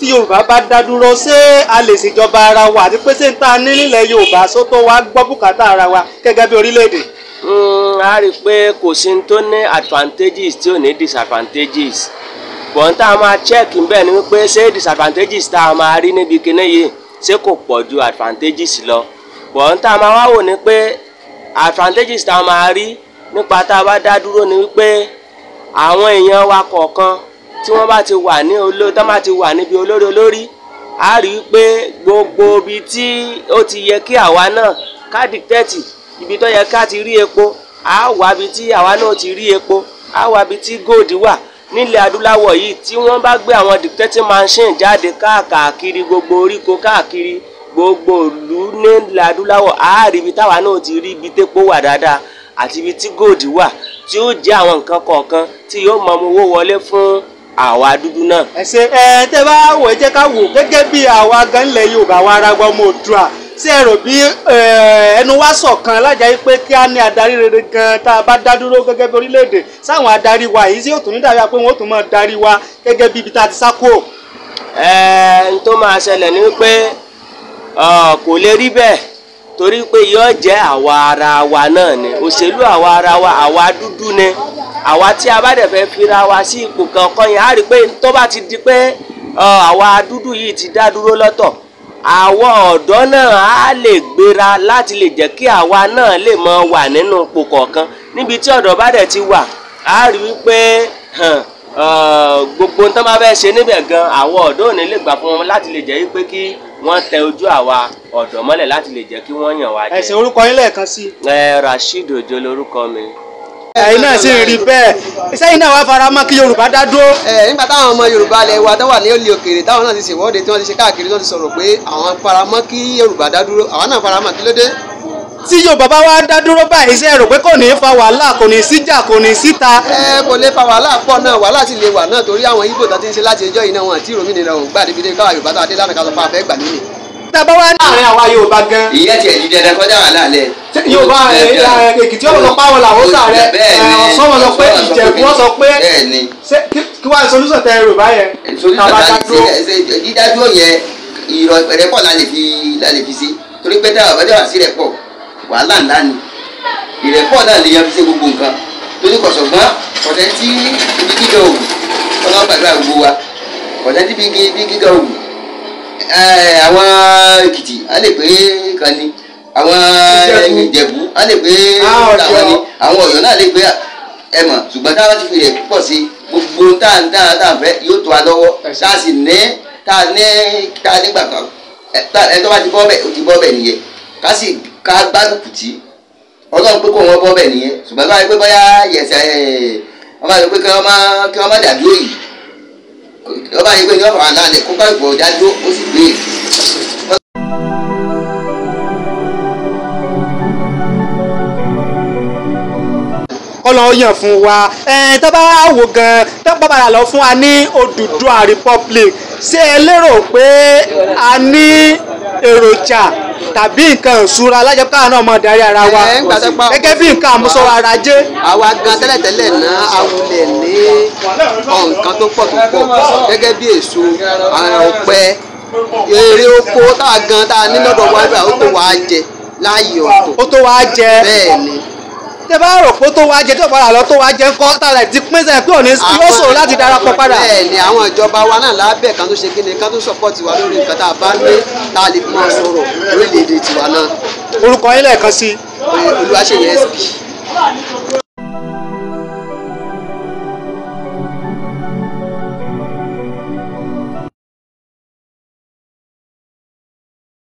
tí yorùbá bá dá dúró ṣé a lè ṣèjọba ara wa àti pé ṣé n ta ní nílẹ̀ yorùbá sótó wa gbọ́ bùkátà ara wa gẹ́gẹ́ bí orílẹ̀ hmm, a rí i pé kò sí ní tó ní advantages tí ò ní disadvantages bọ̀n tá a máa check bẹ́ẹ̀ ni wípé ṣé disadvantages tá a máa rí níbi kíní yìí ṣé kò pọ̀ ju advantages lọ bọ̀n tá a máa wá wò ni pé advantages tá a máa rí nípa tá a bá dá dúró ni wípé àwọn èèyàn wa kọ̀ọ̀kan tí wọ́n bá ti wà ní olórí tí wọ́n bá ti wà níbi olórí olórí a rí i pé gbogbo ibi tí ó ti yẹ kí àwa náà ká dìtẹ́tì ibi tó yẹ ká ti rí epo a wá ibi tí àwa náà ti rí epo a wá ibi tí gold wà nílẹ̀ adúláwọ̀ yìí tí wọ́n bá gbé àwọn dictating machine jáde káàkiri gbogbo oríko káàkiri gbogbo ìlú nílẹ̀ adúláwọ̀ àárí ibi táwa náà ti rí ibi tépo wà dáadáa àti ibi tí gold wà tí ó jẹ́ àwọn nǹkan kọ̀ọ̀kan tí yóò mọ owó wọlé fún àwa dúdú náà. ẹ ṣe ẹ tẹ bá wò jẹ ká wò gẹ́gẹ́ bí àwa gan ilẹ̀ Yorùbá wa ara gba ọmọ Oòduà ṣé ẹ rò bí ẹnu wa ṣọ̀kan lájà pé kí á ní adarí rere gan tá a bá dá dúró gẹ́gẹ́ bí orílẹ̀-èdè sáwọn adarí wa yìí sí òtún ní dàbí pé wọ́n tún máa darí wa gẹ́gẹ́ bí ibi tá a ti sá kúrò. ẹ ẹ n tó máa ṣẹlẹ̀ ni pé kò lè rí bẹ́ẹ̀ torí pé yóò jẹ́ àwa ara wa náà ni òṣèlú àwa ara wa àwa dúdú ni. àwa tí a bá dẹ̀ fẹ́ fira wa sí ipò kankan yẹn á rí i pé tó bá ti di pé àwa dúdú yìí ti dá dúró lọ́tọ̀ àwọn ọ̀dọ́ náà á lè gbéra láti lè jẹ́ kí àwa náà lè mọ wà nínú ipò kọ̀ọ̀kan níbi tí ọ̀dọ́ bá dẹ̀ ti wà á rí i pé gbogbo nǹkan bá fẹ́ ṣe níbẹ̀ gan àwọn ọ̀dọ́ ò ní lè gbà fún wọn láti lè jẹ́ pé kí wọ́n tẹ ojú àwa ọ̀dọ́ mọ́lẹ̀ láti lè jẹ́ kí wọ́n yàn wá jẹ. ẹ̀sìn orúkọ yín lẹ́ẹ̀kan sí. ẹ Rasheed Òjó lorúkọ mi ẹ̀yin náà sì ń rí bẹ́ẹ̀ sẹ́yìn náà wá fara mọ́ kí yorùbá dá dúró. ẹ nígbà táwọn ọmọ yorùbá lẹ wa tó wà ní olè òkèèrè táwọn náà ti ṣèwọ́de tí wọ́n ti ṣe káàkiri wọ́n ti sọ̀rọ̀ pé àwọn fara mọ́ kí yorùbá dá dúró àwọn náà fara mọ́ kí ló dé. tí yorùbá bá wá dá dúró báyìí ṣe rò pé kò ní í fa wàhálà kò ní í síjà kò ní í síta. ẹ kò lè fa wàhálà pọ̀ náà wàhálà sì lè wà náà torí àwọn ibo tó ti ń ṣe láti ẹjọ́ yìí náà wọn àti ìròmìnira òun gbà débi dé káwá yorùbá tó adé lánàá ká sọ fún afẹ́ gbà nílé tàbá wá ní. láàrin àwa Yorùbá gan. ìyẹn tiẹ̀ di dandan kọjá wà lálẹ́. Yorùbá eh, eh, Èkìtì ọ̀rọ̀ pa àwọn làwọn sà ọ̀sán wọn sọ pé Ìjẹ̀bú wọn sọ pé kí wàá solúsọ̀ tẹ Yorùbá yẹn. dídádúró eh, yẹn ìrọ̀ ìpẹ̀rẹ̀pọ̀ la lè fi la fi sí torí pé táwọn ọ̀bẹ́dẹ́ wà sí rẹ̀ pọ̀ wàhálà ńlá ni ìrẹ̀pọ̀ náà lè yan fi ṣe gbogbo nǹkan torí kọ̀sọ̀gbọ́n àwọn ekiti á lè pé kan ni àwọn ìjẹ̀bú á lè pé ah, làwọn ni àwọn ọ̀yọ́ náà lè pé ẹ ṣùgbọ́n ti fi rẹ̀ pọ̀ sí gbogbo tá a tá a tá a fẹ́ yóò tó a lọ́wọ́ tá a sì ní tá a ní tá a nígbà kan ẹ tó bá ti bọ́ bẹ̀ ó ti bọ́ bẹ̀ nìyẹn ká sì ká gbárùkù tì ọlọ́run pé kó wọn bọ́ bẹ̀ nìyẹn kọ́lọ́ yàn fún wa tó bá wò gan tó bá padà lọ fún wa ní Odùduwà Republic ṣé ẹ lérò pé a ní èròjà tàbí nǹkan ìṣúra alájọpá náà mọ darí ara wa gẹ́gẹ́ bí nǹkan àmúṣọrọ̀ ara jẹ́. àwa gan tẹ́lẹ̀tẹ́lẹ̀ náà àwùlẹ̀ ní nǹkan tó pọ̀ tó pọ̀ gẹ́gẹ́ bí èso ọ̀pẹ èrè oko tá a gan tá a ní lọ́dọ̀ wáyé ó tó wàá jẹ láàyè ọ̀tọ̀. bẹ́ẹ̀ ni tẹ bá rò pé tó wá jẹ tó padà lọ tó wá jẹ ńkọ́ tá a lè ti pín sẹ́yìn pé òní yóò ṣòro láti darapọ̀ padà. bẹ́ẹ̀ ni àwọn ìjọba wa náà lábẹ́ kan tó ṣe kí ni kan tó sọpọ́ọ̀tì wa lórí nǹkan tá a bá ní tá a lè mọ sọ̀rọ̀ orílẹ̀-èdè tiwa náà. orúkọ yín lẹ́ẹ̀kan sí. olùwàṣeyẹ sp.